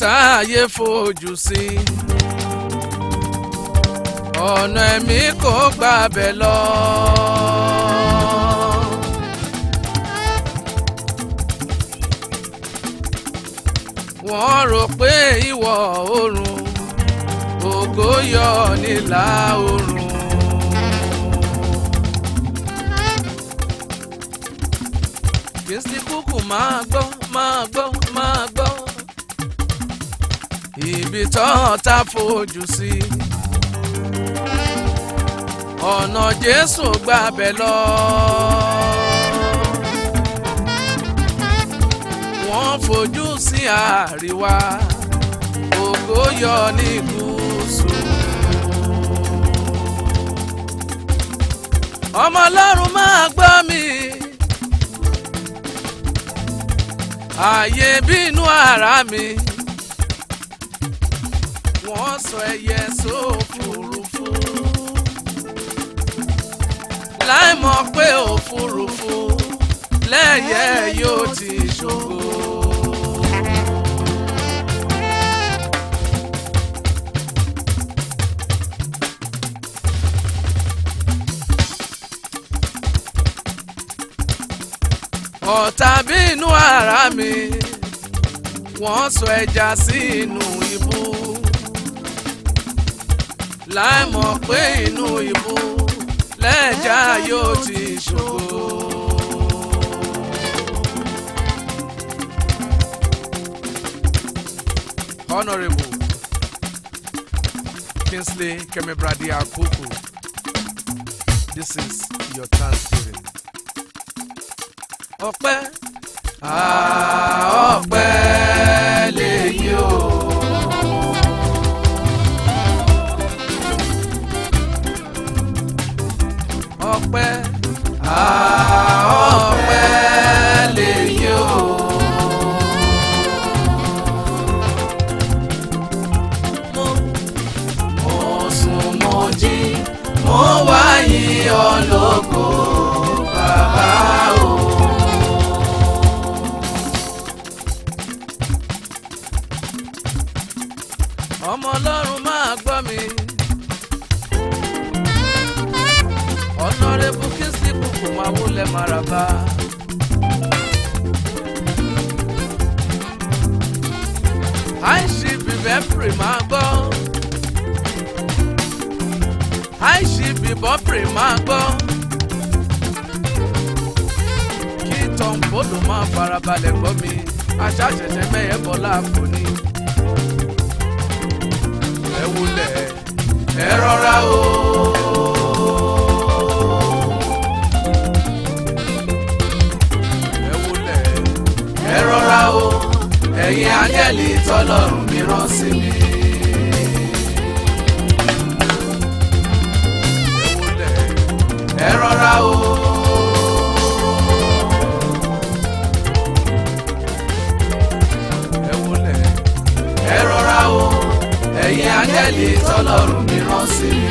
táyé fojú sí ọ̀nà ẹ̀mí kò gbàbẹ̀ lọ. wọ́n rò pé ìwọ̀ oòrùn ògo yọ nílà oòrùn. kìí máa gbọ́ máa gbọ́. ibi tó ta fojú sí. ọ̀nà Jésù gbàbẹ̀ lọ. wọ́n fojú sí àríwá ògo yọ ní gúúsù. ọmọ ọlọ́run máa gbọ́ mi. ààyè bínú ara mi sọ ẹyẹ sófurufú láì mọ̀ pé òfurufú lẹ́yẹ yóò ti ṣògo. ọ̀tá bínú ara mi wọ́n sọ ẹja sí inú ibú láì mọ̀ pé inú ibú lẹ́jà yóò ti ṣògo. Honourable Kingsley Kemibradi Akuku, this is your thanksgiving. Ọpẹ́. Ah, ọpẹ́ lèyí. ọmọ ọlọ́run máa gbọ́ mi. ọ̀nàrẹ́bù Kingsley Cokum awolẹ̀ maraba. àìsí bìbẹ́pìrì máa gbọ́. àìsí bìbọ́pìrì máa gbọ́. kí tọ̀nbọ̀dọ̀ máa farabalẹ̀ gbọ́ mi. àṣà ṣẹ̀ṣẹ̀ mẹ́yẹ̀ bọ́lá kò ní. ẹ o. ẹ wulẹ̀ ẹ o ẹ̀yin áńgẹ́lì tọ́lọ́run mi rán sí mi. ẹ wulẹ̀ ẹ o. áńgẹ́lì tọ́lọ́run mi rán sí mi.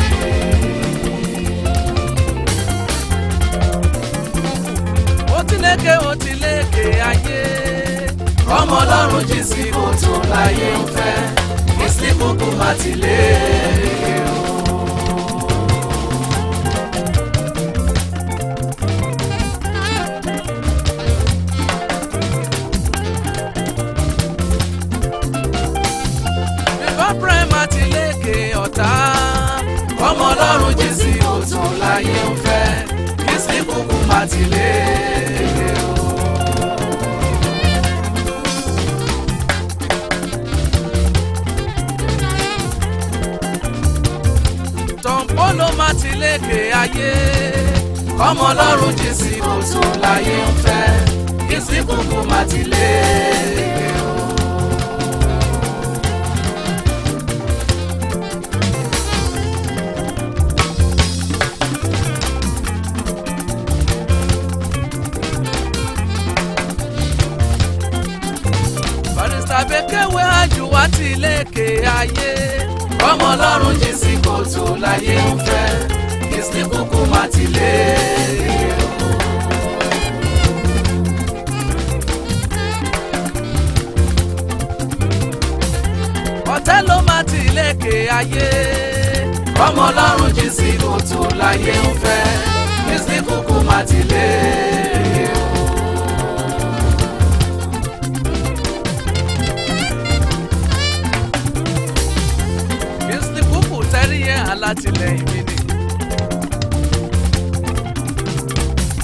ó ti lékè ó ti lékè ayé ọmọ ọlọ́run jí sí òtún láyé ń fẹ́ kí sílíkù kù má ti lékè o. láti lé. tọ̀pọ̀ ló máa ti lékè ayé ọmọ ọlọ́run jésì kò tó láyé ń fẹ́ kí síkùkù máa ti lékè. kéwé àjùwá ti lékè ayé ọmọ ọlọ́run jésì kò tó láyé ń fẹ́ kristi kúkú má ti lé. ọ̀tẹ́ ló má ti lékè ayé ọmọ ọlọ́run jésì kò tó láyé ń fẹ́ kristi kúkú má ti lé. alátìlẹyìn mi ni.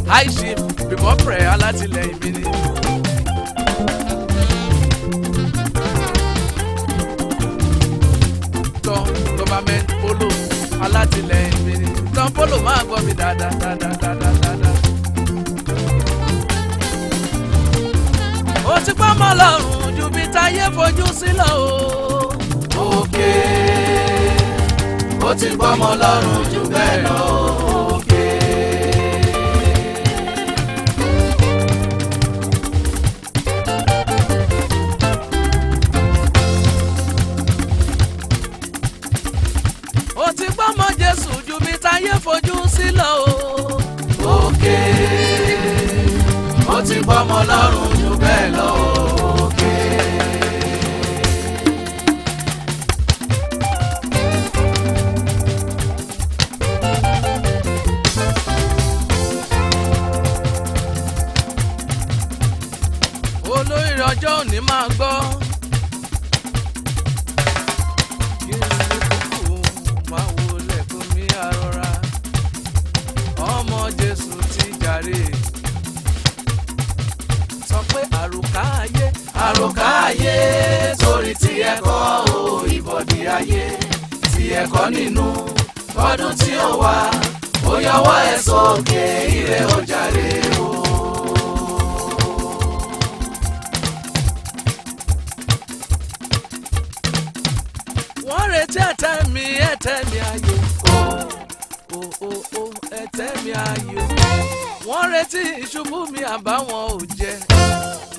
aishim bimopre alátìlẹyìn mi ni. tọ́ gọ́fàmẹ́ntì polo alátìlẹyìn mi ni. tọ́ polo máa gbọ́ mi dáadáa dáadáa dáadáa. ti pẹ́ mọ́ lọ́rùn ju bí táyé fojú sí lọ o. òkè. Okay ó ti bọ́mọ lọ́rùn jù bẹ́ẹ̀ lọ.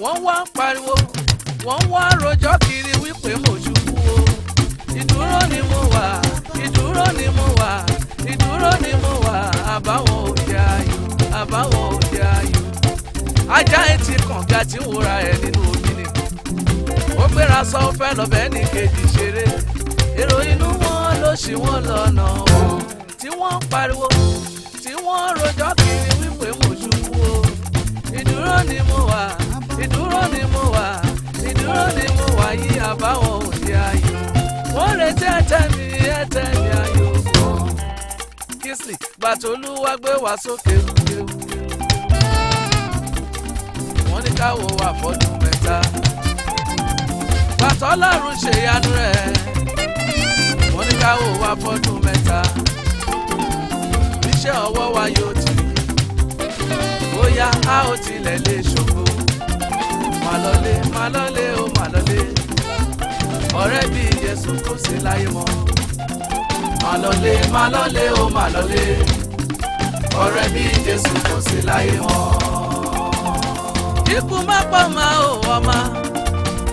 wọ́n wá ń pariwo wọ́n wá rojọ́ kiri wípé mo ṣubú o ìdúró ni mo wà ìdúró ni mo wà ìdúró ni mo wà àbáwọn òde ayò àbáwọn òde ayò ajá etí kànga tí ń wúra ẹ nínú omi ni ó gbéra sọ fẹ́ lọ́bẹ̀ẹ́ ní kejì ṣeré èrò inú wọn ló ṣì wọ́n lọ́nà wọn tí wọ́n ń pariwo tí wọ́n rojọ́ kiri wípé mo ṣubú o ìdúró ni mo wà ìdúró ni mo wà ìdúró ni mo wà yí àbáwọn òde ayò wọ́n retí ẹ̀tẹ̀ mi ẹ̀tẹ̀ mi ayò kan Kingsley Gbàtolúwa gbé wá sókè wúwéwú wọ́n ní káwọ́ wà fọ́dún mẹ́ta pàtó lọ́rùn ṣèyanu rẹ̀ wọ́n ní káwọ́ wà fọ́dún mẹ́ta iṣẹ́ ọwọ́ wa yóò ti bóyá a ó tilẹ̀ lè ṣògo màlọ́lé màlọ́lé ó màlọ́lé ọ̀rẹ́ bí Jésù kò sí láyé mọ́ màlọ́lé màlọ́lé ó màlọ́lé ọ̀rẹ́ bí Jésù kò sí láyé mọ́. ikú má pọ̀ máa ò ọmọ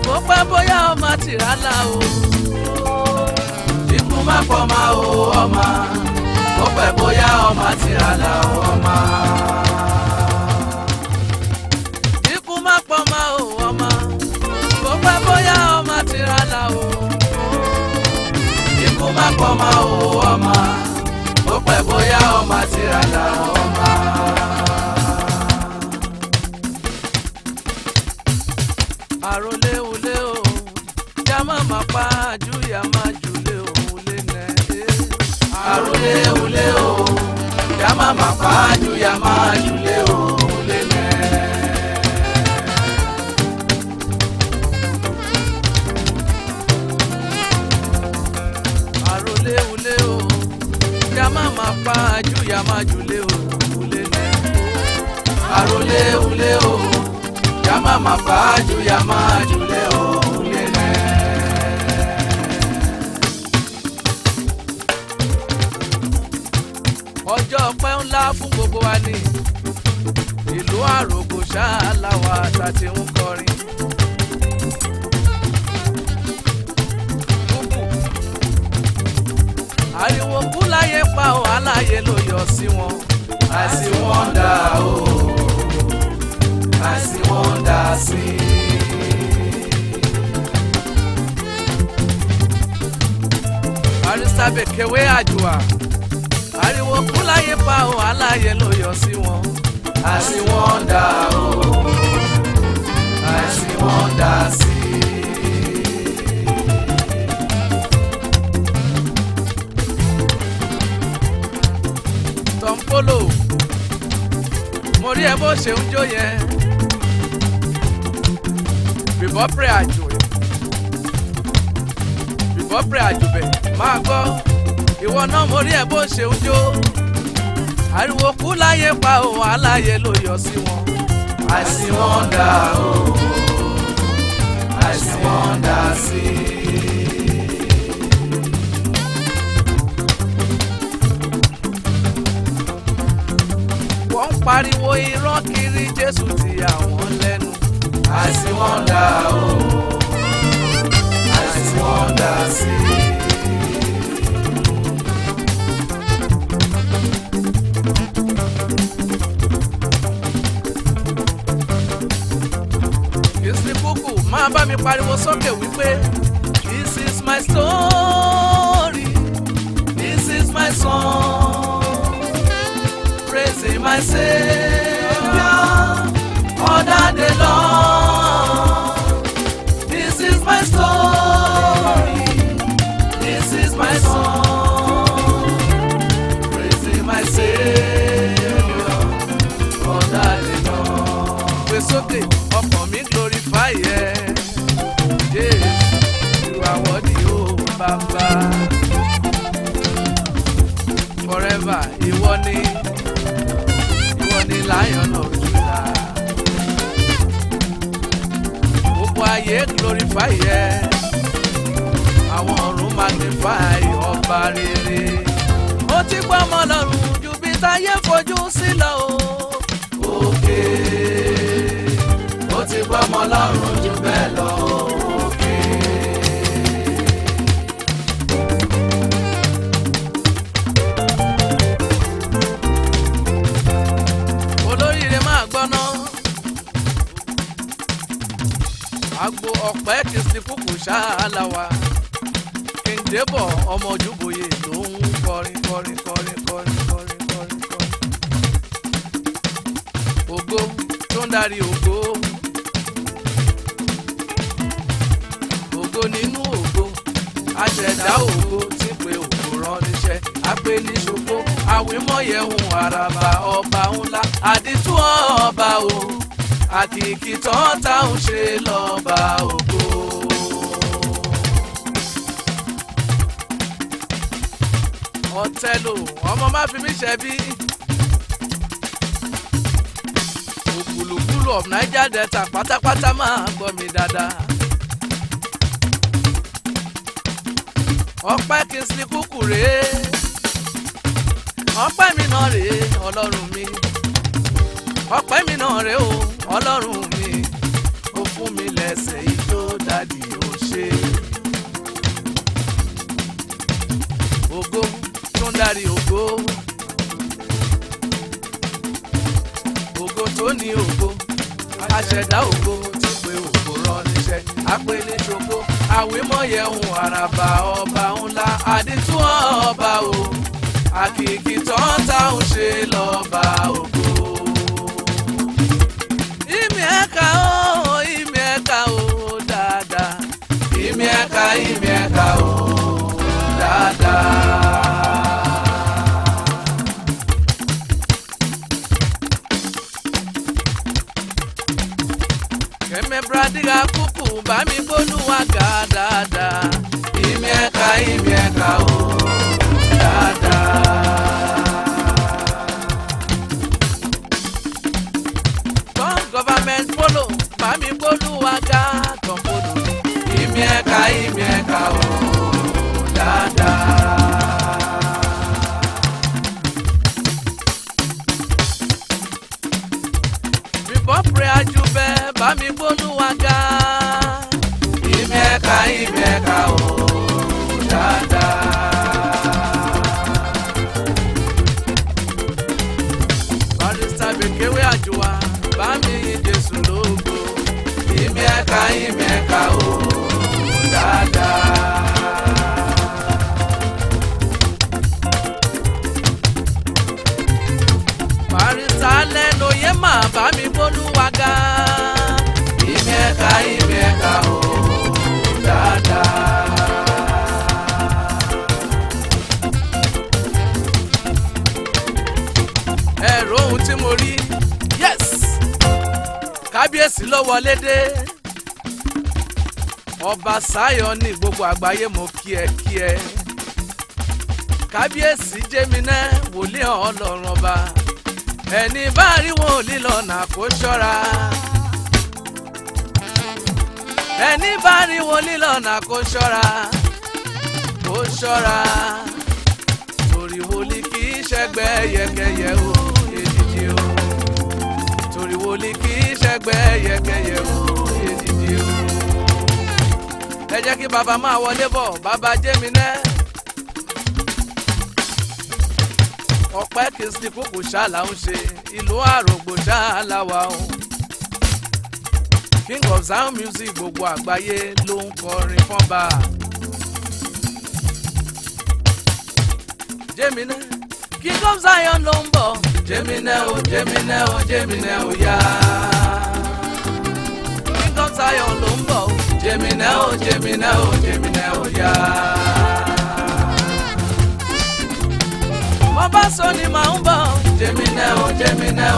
kó pẹ́ bóyá ọmọ tìrálà o. ikú má pọ̀ máa ò ọmọ kó pẹ́ bóyá ọmọ tìrálà o ọmọ. pọ́nmá o ọmọ ó pẹ́ bóyá ọmọ ti rà dá ọmọ. àròléwulé o já má má pa àjúyà má jùlé òun lé nàdé. àròléwulé o já má má pa àjúyà má jùlé máa pa àjúyà máa jùlé o ulé àròlé ulé o yà má máa pa àjúyà máa jùlé o ọjọ́ ọpẹ́ ńlá fún gbogbo wa ni ìlú àròkọ ṣáà làwọn àtàtì ń kọrin. ariwo kú láyé pa ọ aláyé ló yọ sí wọn. I see wonder oh, I see wonder see. barista bekewe àjùwà ariwo kú láyé pa ọ aláyé ló yọ sí wọn. I see wonder oh, I see wonder see. sọ ń fólò mo rí ẹ bó ṣe ń jó yẹn bìbọ́ àjò bìbọ́ àjò bẹ̀ máa gbọ́ ìwọ náà mo rí ẹ bó ṣe ń jó ariwo kú láyé pa òun aláyé ló yọ sí wọn. àìsí wọn dà o àìsí wọn dà sí i. pariwo irọ́ kiri Jésù ti àwọn lẹ́nu. àìsí wọn dá o àìsí wọn dá sí i. Yusribuku máa bá mi pariwo sókè wípé this is my story this is my song my Savior, other the Lord. This is my story, this is my song. Praise Him, my Savior, other the Lord. We're so big, upon me glorify, yeah. Yes, you are worthy, oh, Baba. Forever, you want it. Lion of Judah. Gbogbo ayé glorify yẹ. Àwọn ọ̀run magnify ọba rere. Ó ti gbọ́ ọmọ lọ́rùn ju bí táyé fojú sí lọ o. Òkè ó ti gbọ́ ọmọ lọ́rùn ju bẹ́ẹ̀ lọ o. agbo ọ̀pẹ ti sin fúkù ṣáàláwa kéńdébọ̀ ọmọ ojúbòye ló ń kọrin kọrin kọrin kọrin kọrin kọrin kọrin ògo tó ń darí ògo ògo nínú ògo aṣẹ̀dá ògo tí pé ògo rán níṣẹ́ ní ṣòfò àwímọ̀yẹ̀ ń araba ọba ńlá àdìtú ọba o àkìkìtàn táwọn ṣe lọ́ba ògo. ọ̀tẹ́lò ọmọ má fi mí ṣẹ̀bi. òkùlùkùlù of Niger Delta pátápátá máa gbọ́ mi dáadáa. ọpẹ́ Kingsley Kúkú rèé ọpẹ́ mi náà rèé ọlọ́run mi ọpẹ́ mi náà rèé o ọlọ́run mi ó fún mi lẹ́sẹ̀ ijó dádì ó ṣe. ògo tó ń darí ògo ògo tó ní ògo aṣẹ̀dá ògo ti pé ògo rán níṣẹ́ apẹ́lẹ́ ṣoko àwímọ̀yẹ ohun àràbà ọba ńlá àdìtú ọba o àkìkì tó ń ta òun ṣe lọ́ba o. imieka o dáadáa. kẹmẹbradiga kúkú bá mi gbónú wa gà mi ẹ̀ka o dáadáa. bíbọ́ pèrè àjùbẹ́ bá mi gbólúwa ga. ìmẹ̀ka ìmẹ̀ka o dáadáa. barista bèkéwé àjùwà bá mi yin Jésù lógo. ìmẹ̀ka ìmẹ̀ka. n'ụwaga ime ka ime ka hụ oh, dada ohun tí yes kábíyèsí ló wọlé ọba Ṣáyọ̀ ní gbogbo àgbáyé mo kí ẹ kí ẹ kábíyèsí jẹ́mi náà ọlọ́run ọba. ẹni bá rí wọn ò ní lọ́nà kó ṣọ́ra ẹni bá rí wọn ní lọ́nà kó ṣọ́ra kó ṣọ́ra torí wòlí kì í ṣẹgbẹ́ yẹkẹyẹ o èdìdì o torí wòlí kì í ṣẹgbẹ́ yẹkẹyẹ o èdìdì o ẹ jẹ́ kí bàbá máa wọlé bọ̀ bàbá jẹ́mi náà. ọ̀pẹ́ kristi kúkú ṣáàlà ń ṣe ìlú àrògbò ṣáàlà wa o. king of sound music gbogbo àgbáyé ló ń kọrin fọ́nba. jẹ́mínẹ́ king of zion ló ń bọ̀. jẹ́mínẹ́ o jẹ́mínẹ́ o jẹ́mínẹ́ o yá. king of zion ló ń bọ̀. jẹ́mínẹ́ o jẹ́mínẹ́ o jẹ́mínẹ́ o yá. ọbásanni máa ń bọ̀. jẹ́mi náà o jẹ́mi náà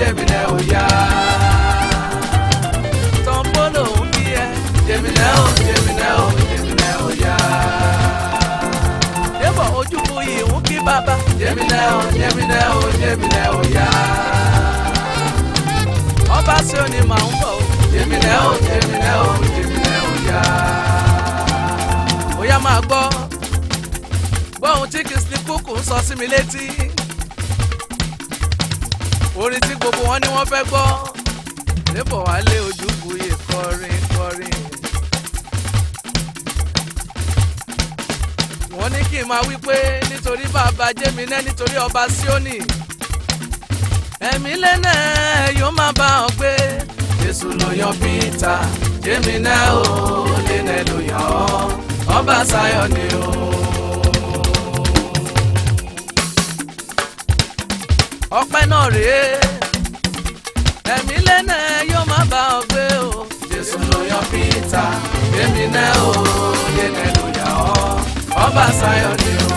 jẹ́milẹ̀ ò yá. tọ́ḿbó lòún bí ẹ jẹ́milẹ̀ ò jẹ́milẹ̀ ò jẹ́milẹ̀ ò yá. débọ̀ ojú mu ìhún kí bàbá. jẹ́milẹ̀ ò jẹ́milẹ̀ ò jẹ́milẹ̀ ò yá. ọba sí òní màá ń bọ̀ o. jẹ́milẹ̀ ò jẹ́milẹ̀ ò jẹ́milẹ̀ ò yá. máa gbọ́ gbọ́ ohun tí kìsìlì kúkú sọ sí mi létí orin tí gbogbo wọn ni wọ́n fẹ́ gbọ́ lébọ̀ wá lé Ojúbuyè kọrin kọrin. wọ́n ní kí n máa wí pé nítorí bàbá jẹ́mi náà nítorí ọba Síónì ẹ̀mí lẹ́nà yóò máa bá ọ gbé Jésù ló yan Pítà jẹ́mi náà ó lẹ́nà ló yàn ọ́ ọba Sáyọ̀ ni ó. ọpẹ́ náà rèé ẹ̀mí lẹ́nà yóò má bá ọ gbé o. jésù ló yan peter èmi náà ò yẹnẹ ló yà ọ ọba sayọ ni o.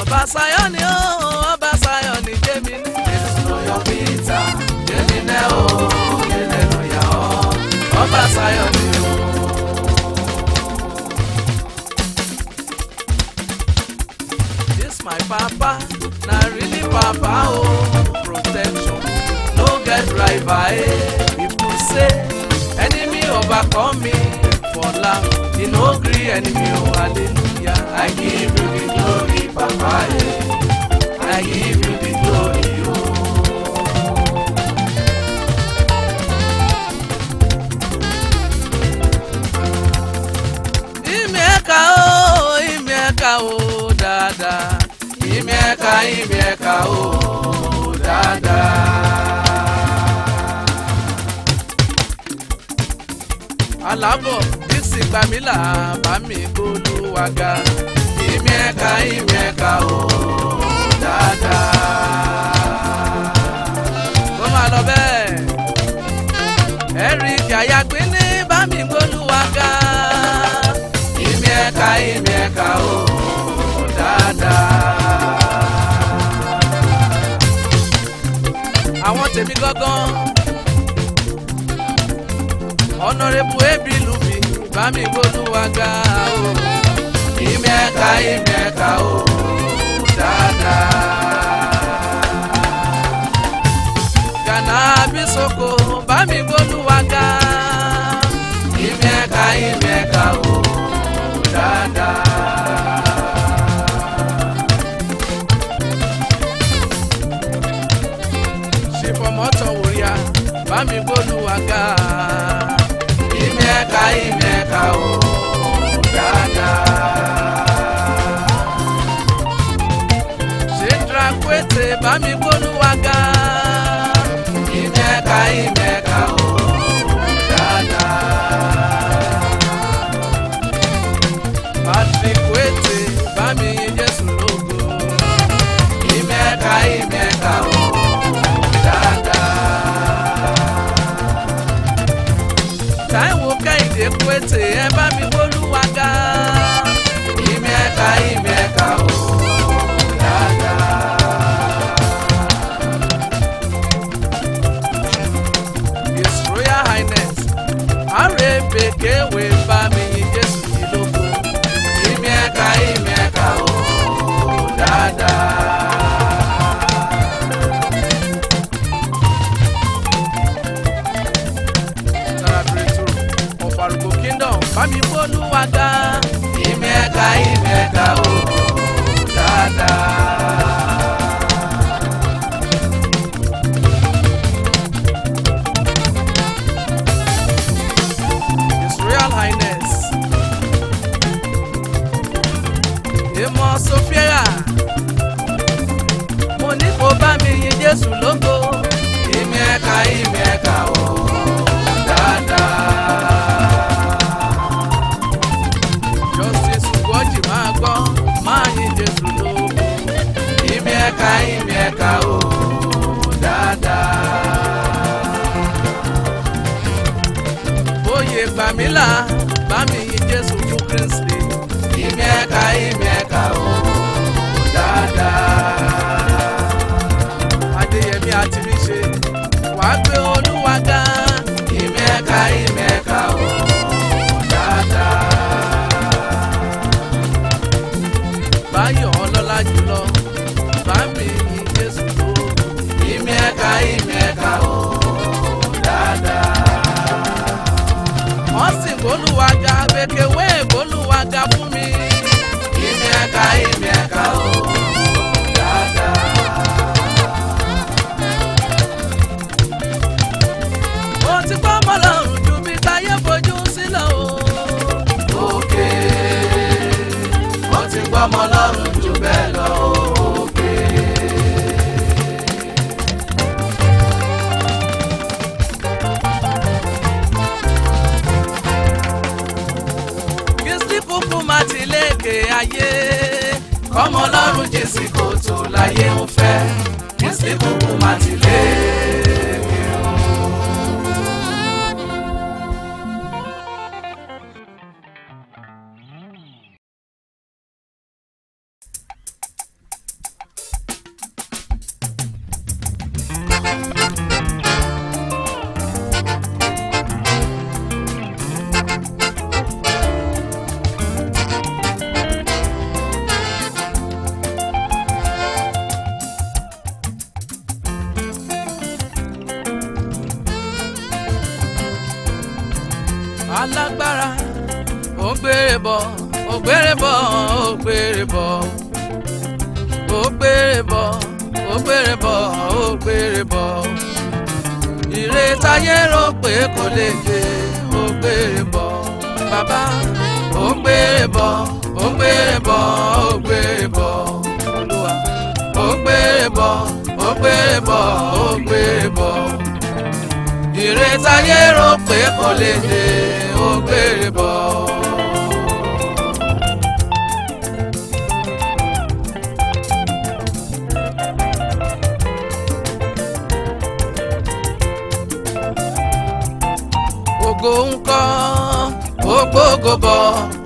ọba sayọ ni o ọba sayọ ni jẹ́mi ní. jésù ló yan peter èmi náà ò yẹnẹ ló yà ọ ọba sayọ ni o. papa na really papa oh protection no get rival eh people say enemy overcome me for love e no gree enemy oh hallelujah i give you the glory papa eh i give you the glory. lábọ̀ ìsìgbàmílà bá mi gbólúwaga ìmí ẹ̀ka ìmí ẹ̀ka ò dáadáa. kó máa lọ bẹ́ẹ̀ eric ayagbe ní bá mi gbólúwaga ìmí ẹ̀ka ìmí ẹ̀ka ò dáadáa. àwọn tèmi gángan ọ̀nàrẹ́bù Ebilumi bámi gbólúwa ga o. ìmẹ̀ka ìmẹ̀ka o dáadáa. Gànà Abísoko bámi gbólúwa ga. ìmẹ̀ka ìmẹ̀ka o dáadáa. ṣe fọmọ́tò wòríà bámi gbólúwa ga. zvinzvakwese pamikonu wakaa out. ọlọ́run jésì kò tó láyé ń fẹ́ kristi kúkú má ti lé. Ogbogobo,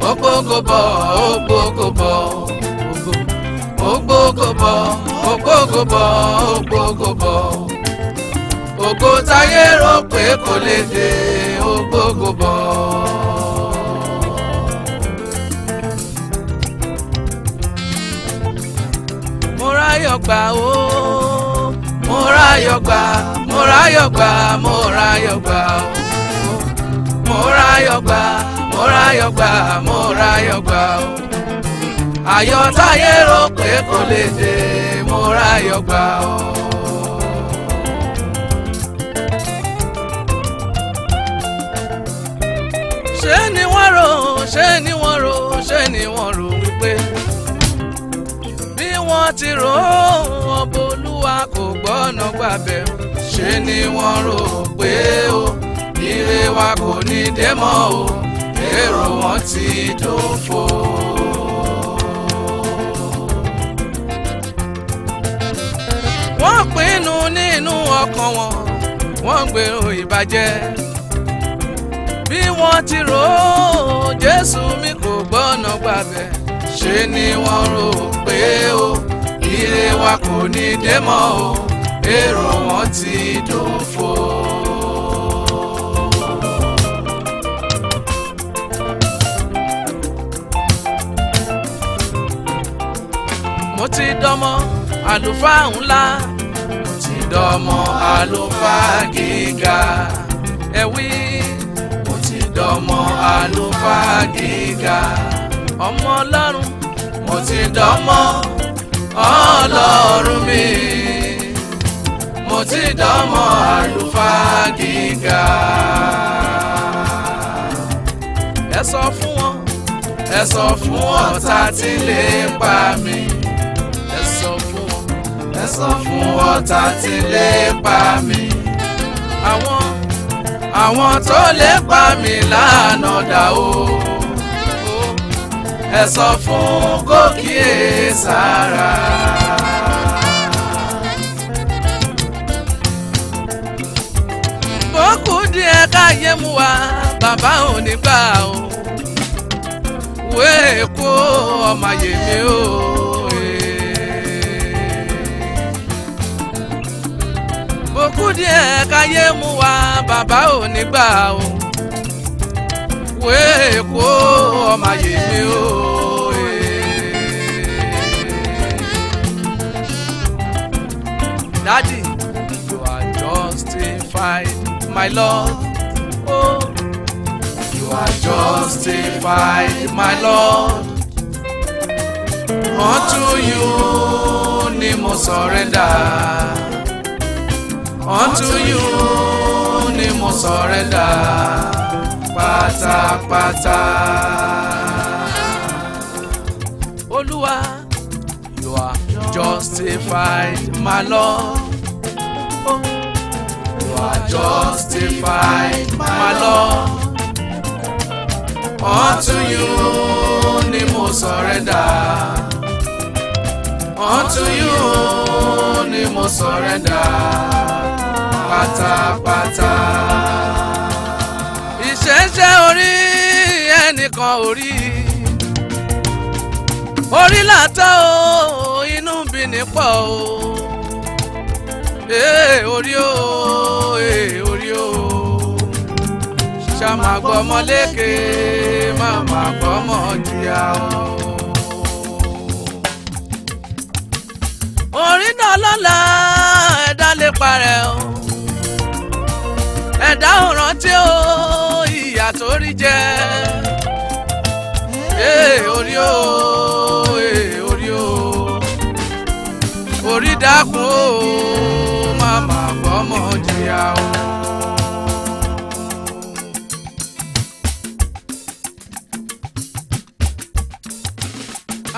Ogbogobo, Ogbogobo, Ogbogobo, Ogbogobo, Ogbogobo. Ògo táyé rò pé kò lè dé Ogbogobo. Mo ráyọ̀ gbà ó, mo ráyọ̀ gbà, mo ráyọ̀ gbà, mo ráyọ̀ gbà ó mo ráyọ̀ gbà mo ráyọ̀ gbà mo ráyọ̀ gbà o. ayọ̀ táyé rò pé kò lè dé mo ráyọ̀ gbà o. ṣé ni wọ́n rò ṣé ni wọ́n rò ṣé ni wọ́n rò wípé bí wọ́n ti rò ó kò gbọ́nà gbàbẹ̀ ṣé ni wọ́n rò pé o ire wa kò ní dé mọ́ o èrò wọn ti dòfo. wọ́n pinnu nínú ọkàn wọn wọ́n gbèrò ìbàjẹ́ bí wọ́n ti rò ó Jésù mi kò gbọ́nà gbàgbẹ́ ṣe ni wọ́n rò pé ó ire wa kò ní dé mọ́ o èrò wọn ti dòfo. mo ti dọmọ àlùfáà ńlá mo ti dọmọ àlùfáà gíga ẹ wí mo ti dọmọ àlùfáà gíga ọmọ ọlọ́run mo ti dọmọ ọlọ́run mi mo ti dọmọ àlùfáà gíga ẹ sọ fún wọn ẹ sọ fún ọ̀tá tí lè pa mí sọ fún ọ̀tá tí lépa mi. àwọn àwọn tó lépa mi lánà dà o. ẹ sọ fún gòkè sára. bókù díẹ̀ káyé mu wá bàbá ò ní gbà o. wéèkó ọmọ yèmí o. díẹ̀ káyé mú wa bàbá ò ní gbà o wé èkó ọmọ ayé mi o. Eh. Daddy, you are justified, my Lord. Oh, you are justified, my Lord. Unto you ni mo surrender unto you ni mo sọ̀rẹ́dà pátápátá. Olúwa, you are justified, my Lord. Oh, you are justified, my Lord. Unto you ni mo sọ̀rẹ́dà. Unto you ni mo sọ̀rẹ́dà pátápátá. ìṣẹ̀ṣẹ̀ orí ẹnìkan orí orí làtọ́ o inú bí ní pọ̀ o ee orí o ee orí o ṣàmàgbọ́mọ lékè màmá gbọ́mọ jìyà o. orí náà lọ́la ẹ̀dá lè parẹ́ o ẹ̀dá ò rántí o ìyà tó rí jẹ ee orí o ee orí o orí dákun o màmá gbọ́mọ jìyà o.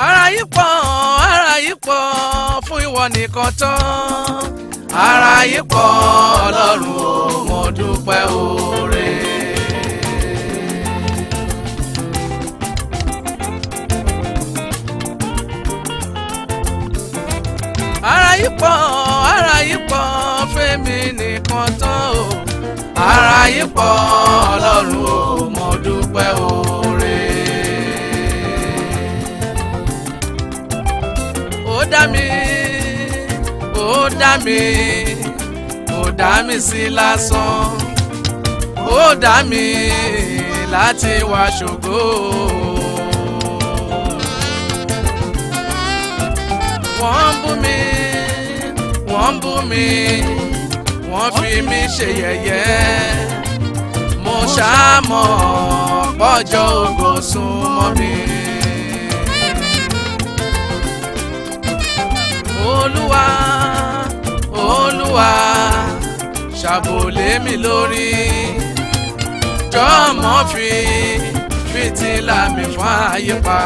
ara yìí pọ̀ ara yìí pọ̀ fún ìwọ nìkan tán ara yìí pọ̀ ọlọ́run o mo dúpẹ́ oore. ara yìí pọ̀ ara yìí pọ̀ fẹ́mi nìkan tán o ara yìí pọ̀ ọlọ́run o mo dúpẹ́ oore. ó dá mi ó dá mi kò dá mi sí lásán ó dá mi láti wá ṣògo. wọ́n ń bú mi wọ́n bú mi wọ́n fi mi ṣe yẹ̀yẹ́ mo ṣàmọ̀ pọ́jọ́ ògo súnmọ́ mi. olúwa olúwa ṣàbò lé mi lórí jọ̀mọ́ fi fìtílà mi fún àyípa.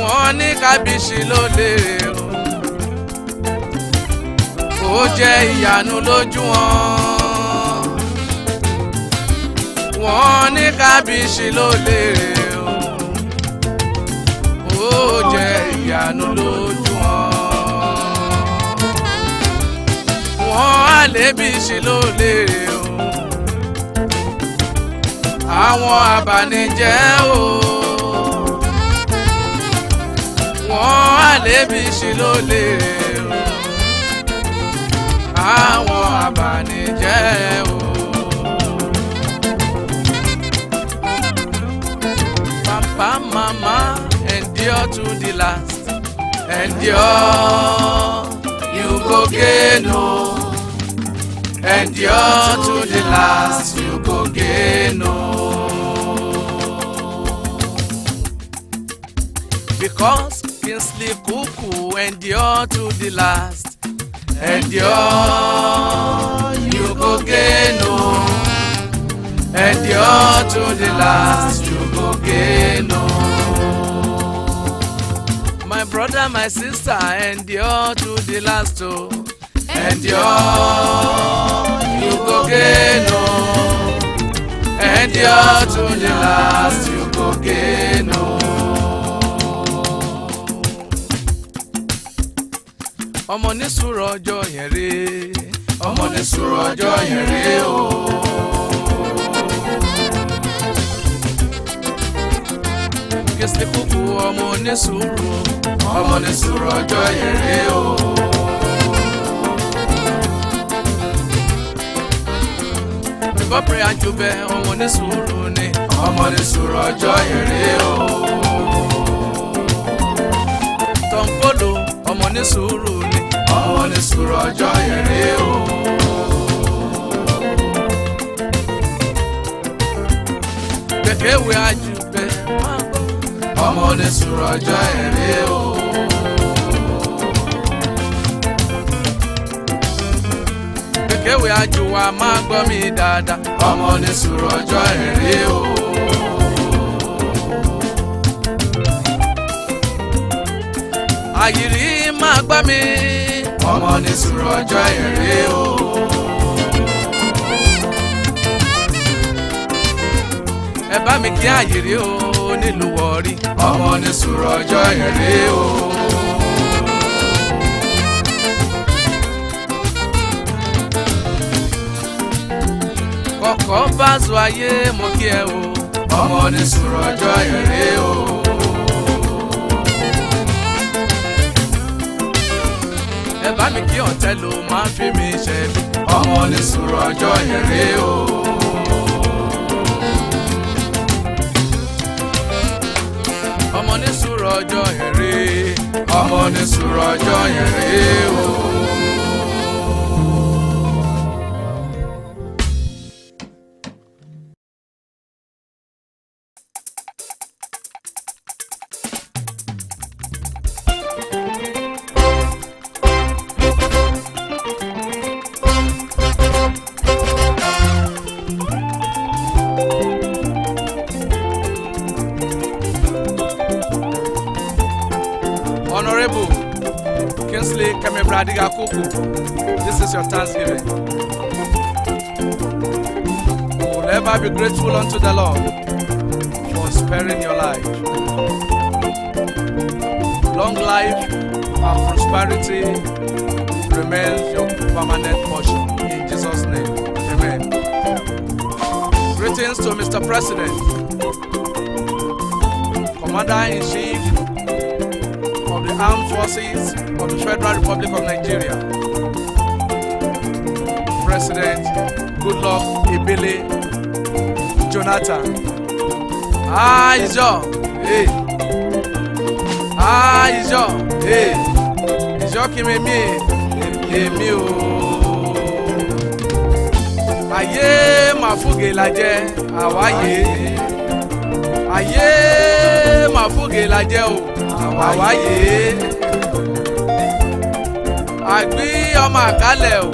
wọ́n ní kábíyèsí ló lè o ó jẹ́ ìyanu lójú wọn. wọ́n ní kábíyèsí ló lè o ó jẹ́ ìyanu ìyanu lójú Wọ́n á lébi ṣe ló léèrè o. Àwọn abanijẹ́ o. Wọ́n á lébi ṣe ló léèrè o. Àwọn abanijẹ́ o. Papa, mama, endure to the last. Endure, you go gain, oh. Endure to the last, you go gain, no. Oh. Because Kingsley Cuckoo endure to the last. Endure, you go gain, oh. Endure to the last, you go gain, no. Oh. brother, my sister, endure to the last Oh, Endure, you go gain no. Oh. Endure to the last, you go gain no. Oh. Ọmọ ní sùúrù ọjọ́ yẹn rèé. Ọmọ ní sùúrù ọjọ́ yẹn rèé o. Oh. kese kúkú ọmọ onísùúrù ọmọ ní sùúrù ọjọ́ èrè o. before prayer ju bẹ ọmọ ní sùúrù ni ọmọ ní sùúrù ọjọ́ èrè o. tọ́ǹpọ̀lù ọmọ ní sùúrù ni ọmọ ní sùúrù ọjọ́ èrè o. kékeré ajubẹ ọmọ ní sùúrù ọjọ́ èrè o. kéwé àjò wa máa gbọ́ mi dáadáa ọmọ ní sùúrù ọjọ́ èrè o. àyìrí máa gbá mi ọmọ ní sùúrù ọjọ́ èrè o. ẹ bá mi kí àyìrí o nílùú wọ̀ọ́rí ọmọ ní sùúrù ọjọ́ èrè o. kọ́mpásù ayé mo kí ẹ o ọmọ ní sùúrù ọjọ́ èrè o. ẹ bá mi kí ọ̀tẹ́ ló máa ń fi mi ṣe ọmọ ní sùúrù ọjọ́ èrè o. ọmọ ní sùúrù ọjọ́ èrè ọmọ ní sùúrù ọjọ́ èrè o. Diga Diga This is your Thanksgiving. Oh, ever be grateful unto the Lord for sparing your life. Long life and prosperity remains your permanent portion. In Jesus' name, amen. Greetings to Mr. President, Commander in Chief Armed Forces of the Federal Republic of Nigeria, President Goodluck Ebele Jonathan. Ah, Àìjọ, hey. àìjọ, hey. ìjọ kí mi mí èmi o. Ayé màfúgè la jẹ́ àwáyé. Ayé ma la jẹ́ o àwáyé àgbí ọmọ àkálẹ̀ o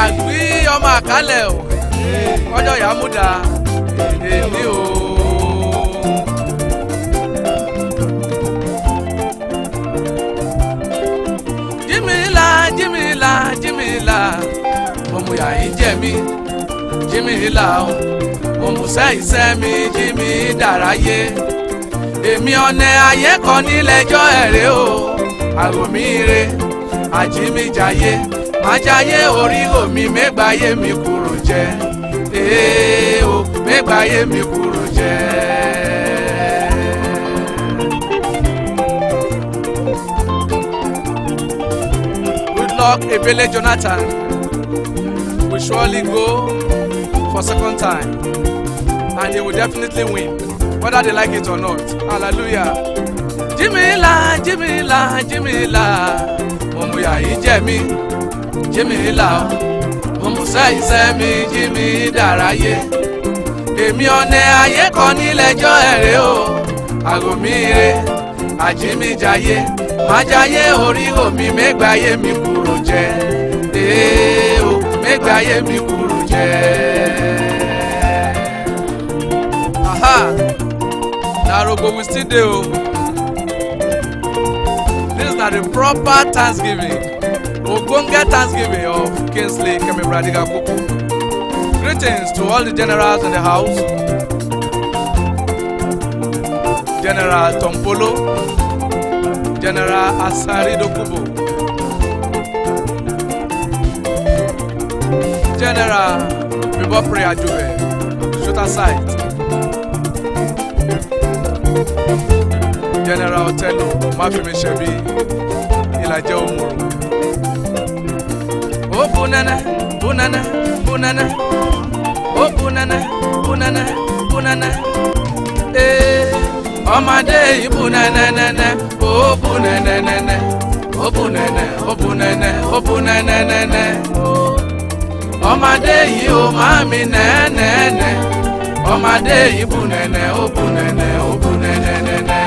àgbí ọmọ àkálẹ̀ o ọjọ́ yàmúdà èmi o. jimila jimila jimila òmùyà yìí jẹ mí jimila o òmùsẹ́ ìsẹ́ mi jimi daraye èmi ọ̀nà ayé kan nílẹ̀jọ́ ẹ̀rẹ́ o àròmí ire àjímíjàyé májàyé orí omi mẹ́gbàáyé mi kúrò jẹ́ ee o mi kúrò jẹ́. Ebele Jonathan will surely go for second time and he will definitely win whether they like it or not hallelujah. jimila jimila jimila òmùyà yìí jẹ mí jimila òmùsẹ ìṣe mi jimi dàráyé èmi ọ̀nẹ́ ayé kan nílẹ̀jọ́ ẹ̀rẹ́ o àgòmíire jaye, ma jaye ori mẹ́gbàáyé mi kúrò jẹ́ ee o mẹ́gbàáyé mi kúrò jẹ́. Darogo, we still there. Oh. These are the proper Thanksgiving. Ogbonge Thanksgiving of Kingsley Kemibradiga Kuku. Greetings to all the generals in the house. General Tompolo, General Asari Dokubo. General Bibopre Ajube, Shooter Site. má fi mi ṣe bí ìlàjẹ òmùrù. ó bunana bunana bunana ó bunana bunana bunana ee ọmọdé yìí bunanana ó bunanana ó bunana ó bunana ó bunanana ọmọdé yìí ó máa mi nẹ́ẹ̀nẹ́ẹ̀nẹ́ ọmọdé yìí bunana ó bunana ó bunanana.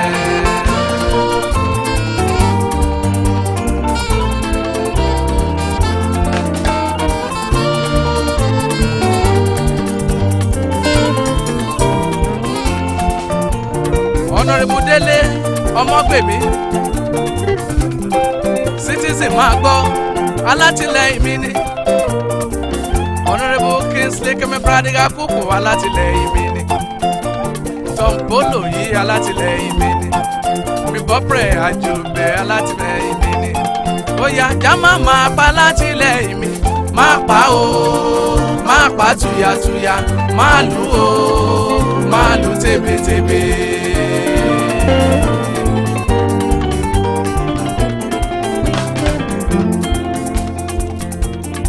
ọ̀nàrẹ́bù délé ọmọgbèmí citizen máa gbọ́ alátìlẹyìn mi ni ọ̀nàrẹ́bù kingsley kẹ́mi pradiga kúkú alátìlẹyìn mi ni tọ́ǹbólò yìí alátìlẹyìn mi ni bíbọ́pẹ̀ àjòbẹ̀ alátìlẹyìn mi ni bóyá jámá máa pa alátìlẹyìn mi máa pa o máa pa tuyatuya máa lù o máa lù tébétébé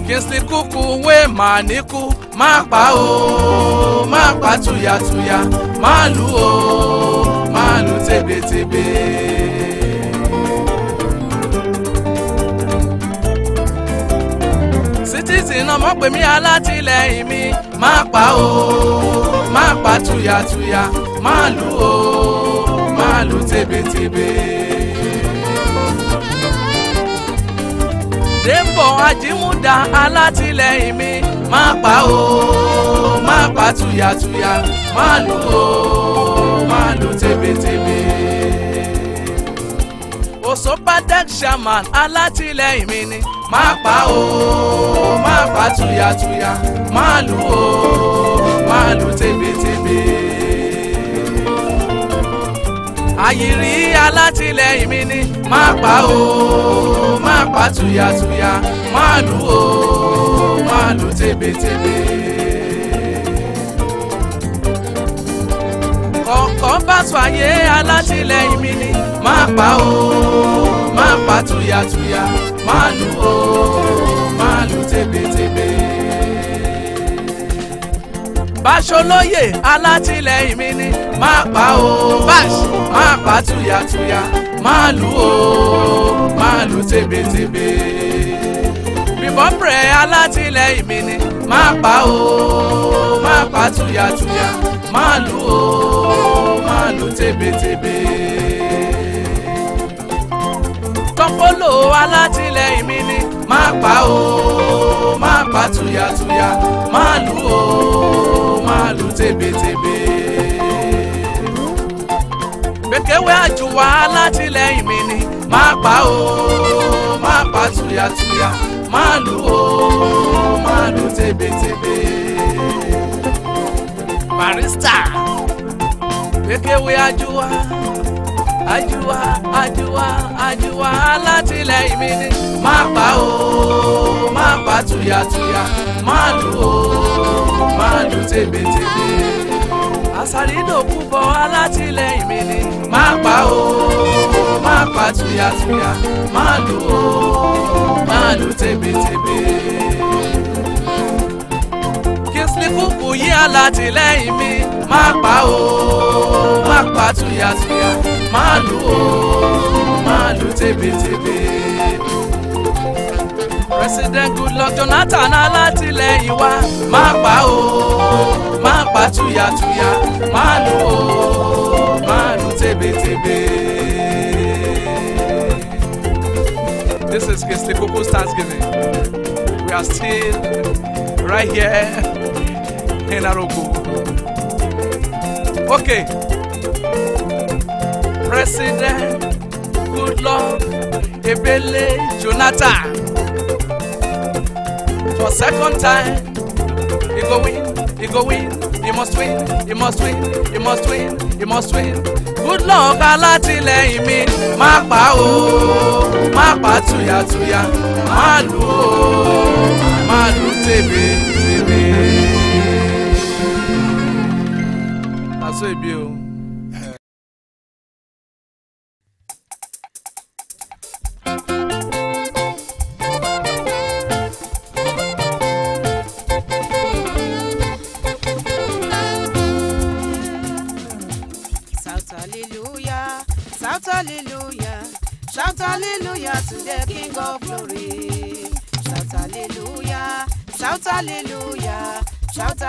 kìsì kúkú maniku màá níkú má pa o má pa tuyatuya má lù o má lù tébétébé. títí iná mi alátìlẹ́yìn mi má pa o má pa tuyatuya má lù o lù tèbètèbè. Dèbọ̀ Ajímúdà alátìlẹ́yìn mi má pa o má pa tuyatuya má lù o má lù tèbètèbè. Òsópátẹ́k shaman alátìlẹ́yìn mi ni má pa o má pa tuyatuya má lù o má lù tèbètèbè àyìnrí alátìlẹyìn mi ni má pa o má pa tuyatuya má lù o má lù tebetebe. kọ̀ọ̀kan bá sọ àyè alátìlẹyìn mi ni má pa o má pa tuyatuya má lù o má lù tebetebe báṣolóyè alátìlẹyìn mi ni má pa o má pa túyàtúyà má lù o má lù tébétébé bíbọn pẹ̀rẹ̀ alátìlẹ́yìn mi ni má pa o má pa túyàtúyà má lù o má lù tébétébé tọ́pọ́lò alátìlẹ́yìn mi ni má pa o má pa túyàtúyà má lù o. wá látìlẹ́yìn mi ni má pa o má pa tuyatuya má lù o má lù tebetebe. barista pékéwé ajúwa ajúwa ajúwa ajúwa látìlẹ́yìn mi ni má pa o má pa tuyatuya má lù o má lù tebetebe àṣàrídòkú bọ alátìlẹyìn mi ni má pa o má pa tuyàtuyà má lù o má lù tèbètèbè. Kingsley Kukuyì alátìlẹyìn mi má pa o má pa tuyàtuyà má lù o má lù tèbètèbè. President Goodluck Jonathan alátìlẹyìn wa má pa o má pa túyàtúyà má nu o má nu tébétébé. This is Kisti Kuku's Thanksgiving. We are still right here in Arogo. Okay. President Good Goodluck Ebele Jonathan. For second time, he go win You go win, you must win, you must win, you must win, you must win. Good luck alátìlẹ́yìn mi, má pa o, má pa tuyatuya, má lù o, má lù tèbè tèbè. Pàṣẹ ìbí o.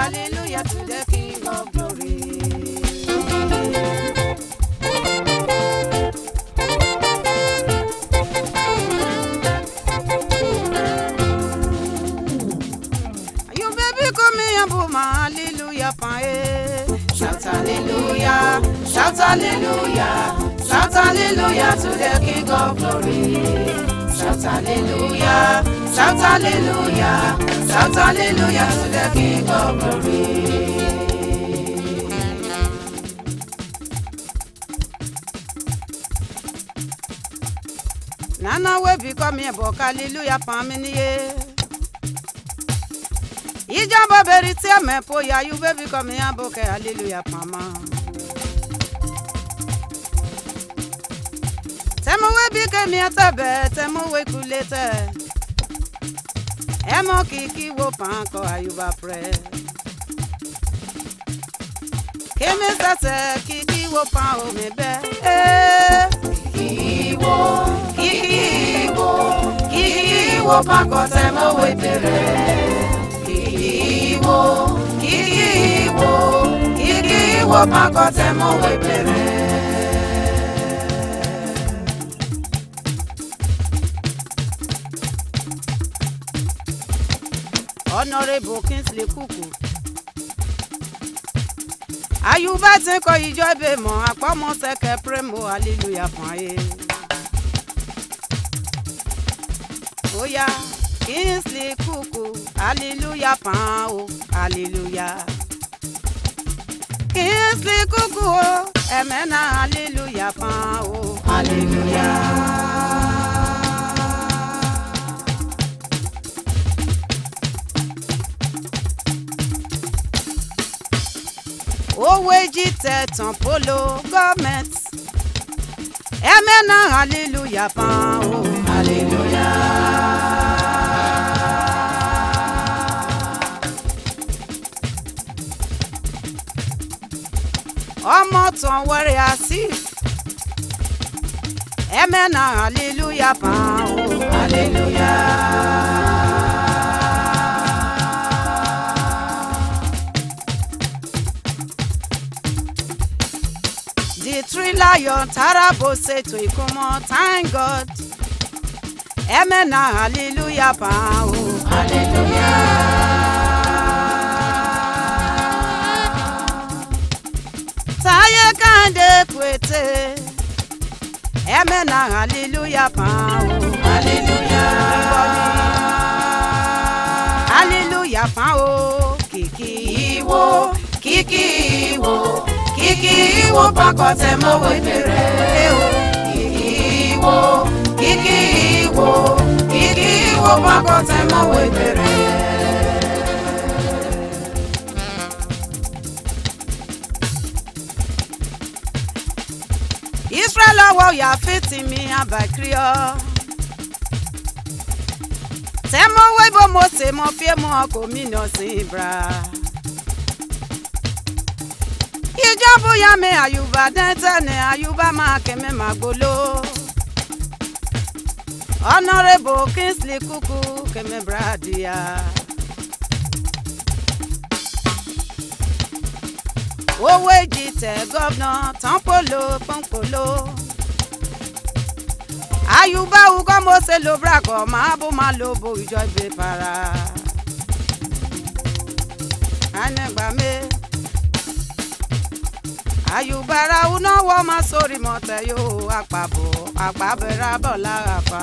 hallelujah to the King of glory. Shout hallelujah, shout hallelujah, shout hallelujah to the King of glory. Shout hallelujah shout hallelujah shout hallelujah to the king of glory. Nana we bi kọ mi ẹbọ hallelujah pan niye. Ijamba beri ti ẹmẹ po ya yu we bi kọ mi ẹbọ kẹ hallelujah pan ma. Tẹmuwe bi ẹtẹ bẹ tẹmuwe kule tẹ ẹ mọ kìkì wo pàǹkọ àyùbá press. kémi sẹsẹ kìkì wo pàǹ omi bẹ́ẹ̀. kìkì wo kìkì wo kìkì wo pàǹkọ tẹ mọ́wé tèrè. kìkì wo kìkì wo kìkì wo pàǹkọ tẹ mọ́wé tèrè. honourable Kingsley Kukwu. Ayuba ti ń kọ ìjọ ìbèmọ̀ àpamọ́sẹ̀kẹ̀ premo hallelujah fún ayé. ó Kingsley Kukwu hallelujah fún o hallelujah. Kingsley Kukwu o ẹ̀mẹ́nà hallelujah fún o hallelujah. owó èjì tẹ̀tàn polo gọ́ọ̀mẹ̀t ẹ mẹ́nà hallelujah pan o. hallelujah. ọmọ tán wẹ̀rẹ̀ àsìf ẹ mẹ́nà hallelujah pan o. hallelujah. Ayo Tarabose Twikumo, thank God. Amen, hallelujah, pow. Hallelujah. Taye Kande Kwete. Amen, hallelujah, pow. Hallelujah. Hallelujah, pow. Kiki Iwo, Kiki Iwo kìkì ìwò pakọ̀ tẹ̀ mọ́ wẹ́dẹ̀ rẹ̀ o kìkì ìwò kìkì ìwò kìkì ìwò pakọ̀ tẹ̀ mọ́ wẹ́dẹ̀ rẹ̀. Israel ọwọ́ yà fìtì mi àbàkiri ọ́ tẹ́ mọ́ wẹ́bọ̀ mo tè mọ́ fíẹ́ mọ́ ọkọ̀ mi sí ibra. bóyá bóyá mi àyùbá dẹ́tẹ̀ ni àyùbá máa kẹ́mi máa gbolo. honourable Kingsley kúkú kẹ́mi bradìyà. owó èjì tẹ gọ́vnà tánpolo pọ́npolo. àyùbá wúkọ́ mo ṣe lo brakọ̀ máa bó máa lo bo ìjọ ìgbé para. àìnígbà mi àyùbára unáwó má sórí mọ́tẹ́ yóò àpàbọ̀ àpàbẹ̀rẹ̀ bọ̀ lára pa.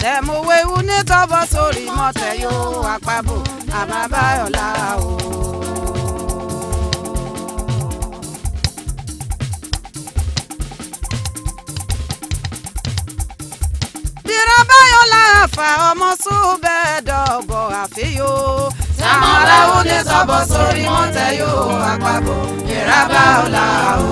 tẹ̀mọ̀wé uní tọ́bọ̀ sórí mọ́tẹ́ yóò àpàbọ̀ àmàbáyọ̀ lára o. bírọ̀ báyọ̀ lára ọmọ sùn bẹ́ẹ̀ dọ̀gọ̀ àfihàn àmọ́láwù ní sọ́bọ̀ sórí mọ́tẹ́ yóò àpapọ̀ ìrábà ọ̀la o.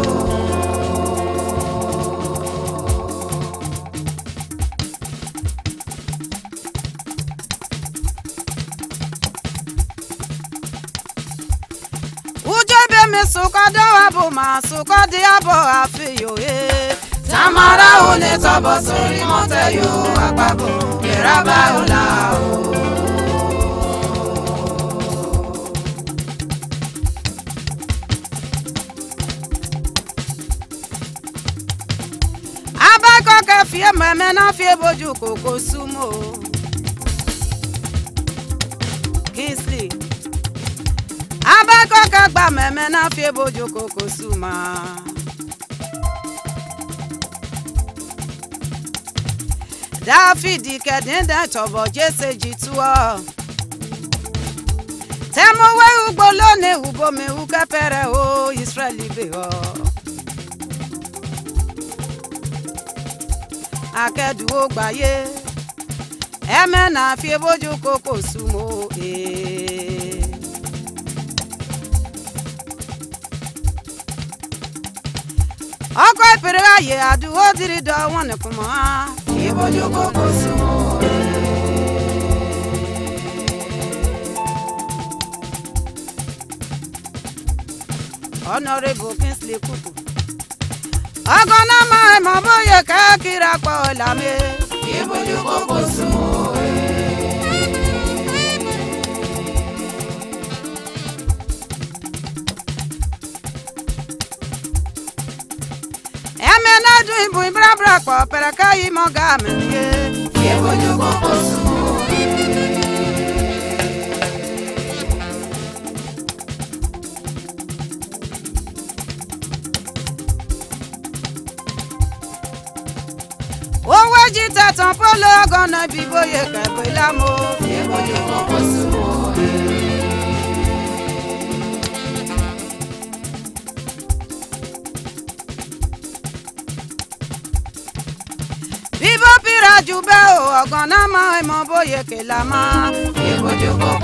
mi sùkọ́dọ̀ àbò máa sùkọ́dí àbò àfihòye. tamara ò ní tọ́bọ̀ sórí mọ́tẹ́ yóò àpapọ̀ ìrábà ọ̀la o. fie mẹ́mẹ́ náà fie bójú kòkó súnmọ́ o. Kingsley abẹ́kọ̀ọ́kẹ́ gba mẹ́mẹ́ náà fie bójú kòkó súnmọ́. dáfídì kẹ̀díndẹ̀ tọ̀bọ̀ jésè jì tú ọ. tẹ́mọ̀wé ugbó lónìí ubomi ukẹ́pẹ̀rẹ̀ o ìsírẹ́lì bẹ̀ ọ́. akẹ́dùn ó gbáyé na fi bójú kókò súnmọ́ ee. ọkọ̀ ìpèrè ayé àdúgbò tìrì dán wọn nìkan mọ́ ìbójú kókò ee. Honorable Kingsley Kuku. ọgọ́nà máa ẹ̀ mọ́ bóyá káàkiri apá ọ̀la mi. ìbòjú kókó sùn òwe. ẹ̀mí náà dùn ìbùn ìbúra búra pọ̀ pẹ̀rẹ̀ káyìí mọ́ gàmì. tàn polo gọ́nà bí bóyè kẹ̀kẹ́ lámò. èèwọ̀ yóò wọ́n kó sí wọn. bíbó pira jù bẹ́ẹ̀ o ọ̀gànnà máa ń mọ bóyè kẹ̀lá máa. èèwọ̀ yóò wọ́n kó sí wọn.